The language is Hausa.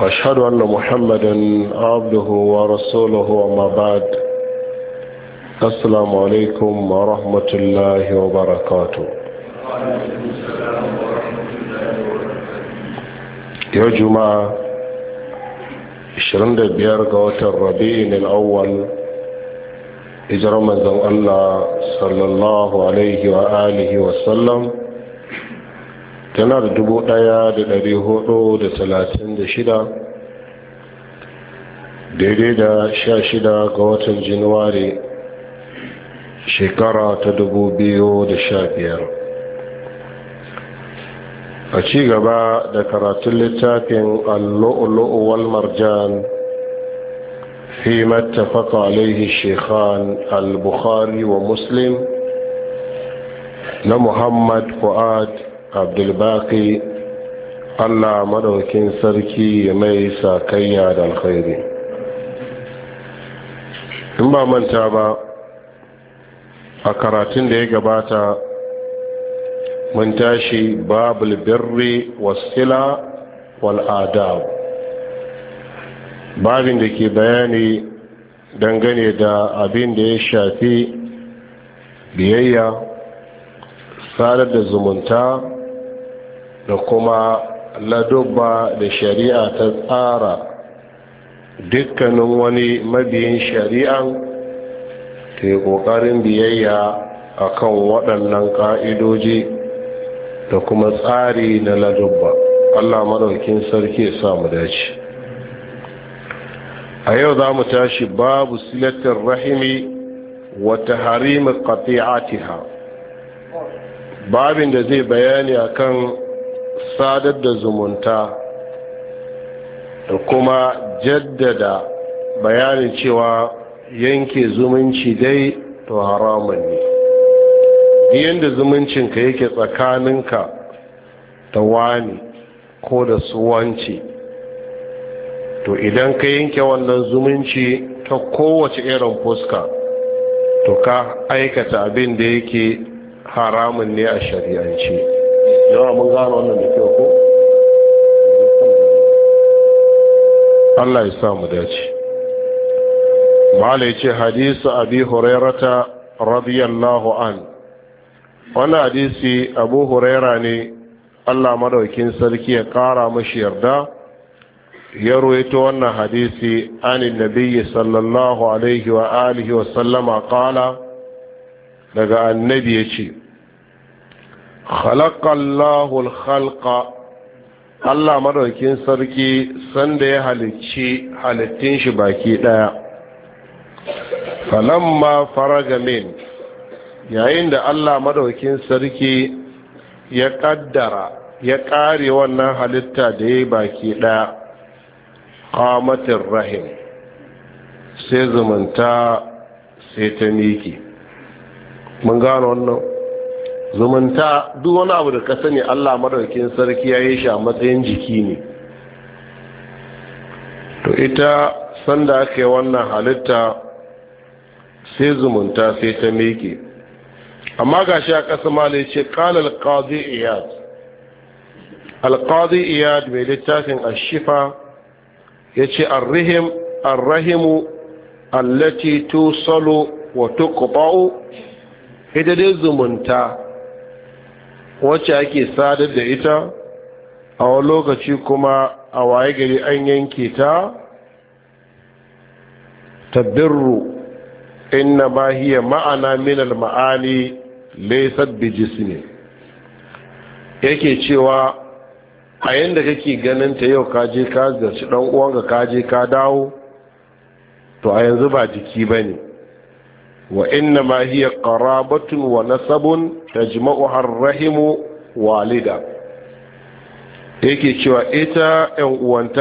واشهد ان محمدا عبده ورسوله وما بعد السلام عليكم ورحمه الله وبركاته يا جماعه 25 ga watan rabi'in al-awwal hijirar manzon Allah sallallahu alaihi wa alihi wa sallam tana da dubu ɗaya da ɗari hudu da talatin da shida daidai da sha shida ga watan januwari shekara ta dubu biyu da sha biyar a ci gaba da karatun littafin allu'ulu'u wal marjan fi mattafaka alaihi shekhan al-bukhari wa muslim na muhammad fu'ad abdulbaki allah madaukin sarki ya mai sakayya da alkhairi in ba manta ba a karatun da ya gabata mun tashi babul birri wasila wal adab babin da ke bayani dangane da abin da ya shafi biyayya sadar da zumunta da kuma ladubba da shari'a ta tsara dukkanin wani mabiyin shari'an ta yi ƙoƙarin biyayya a kan waɗannan ƙa'idoji da kuma tsari na ladubba allah maɗaukin sarki ya samu dace a yau za mu tashi babu silatin rahimi wata harimin ƙafi'atiha babin da zai bayani akan sadar da zumunta da kuma jaddada bayanin cewa yanke zumunci dai to haramun ne biyan da zumuncinka yake tsakaninka da wani ko da suwanci to idan ka yanke wannan zumunci ta kowace irin fuska to ka aikata abin da yake haramun ne a shari'ance yawa mun gano wannan da kyau ko Allah ya sa mu dace malai ce hadisu abi hurairata radiyallahu an wani hadisi abu huraira ne Allah madaukin sarki ya kara mashi yarda ya ruwaito wannan hadisi anin nabiyyi sallallahu alaihi wa alihi wa sallama kala daga annabi ya ce khalaqallahu al-khalqa Allah madaukin sarki sanda ya halicci halittin shi baki daya falamma faraga min yayin da Allah madaukin sarki ya kaddara ya kare wannan halitta da ya baki daya qamatir rahim sai zumunta sai ta miki mun gano wannan zumunta duk wani abu da ka sani allah madaukin sarki ya yi shi a matsayin jiki ne to ita sanda aka yi wannan halitta sai zumunta sai ta meke amma ga shi a ƙasa mali ce ƙala alƙazi iyad alƙazi iyad mai littafin ashifa ya ce arrahimu allati tusalo wa tuqta'u ita dai zumunta wacce ake sadar da ita a wani lokaci kuma a waye gari an yanke ta tabirru inna ma hiya ma'ana min al-ma'ani laysat bi jismi yake cewa a yanda kake ganin ta yau kaje ka zarci dan uwanka kaje ka dawo to a yanzu ba jiki bane wa inna ma hiya qarabatun wa nasabun tajma'uha har rahimu walida yake cewa ita yan uwanta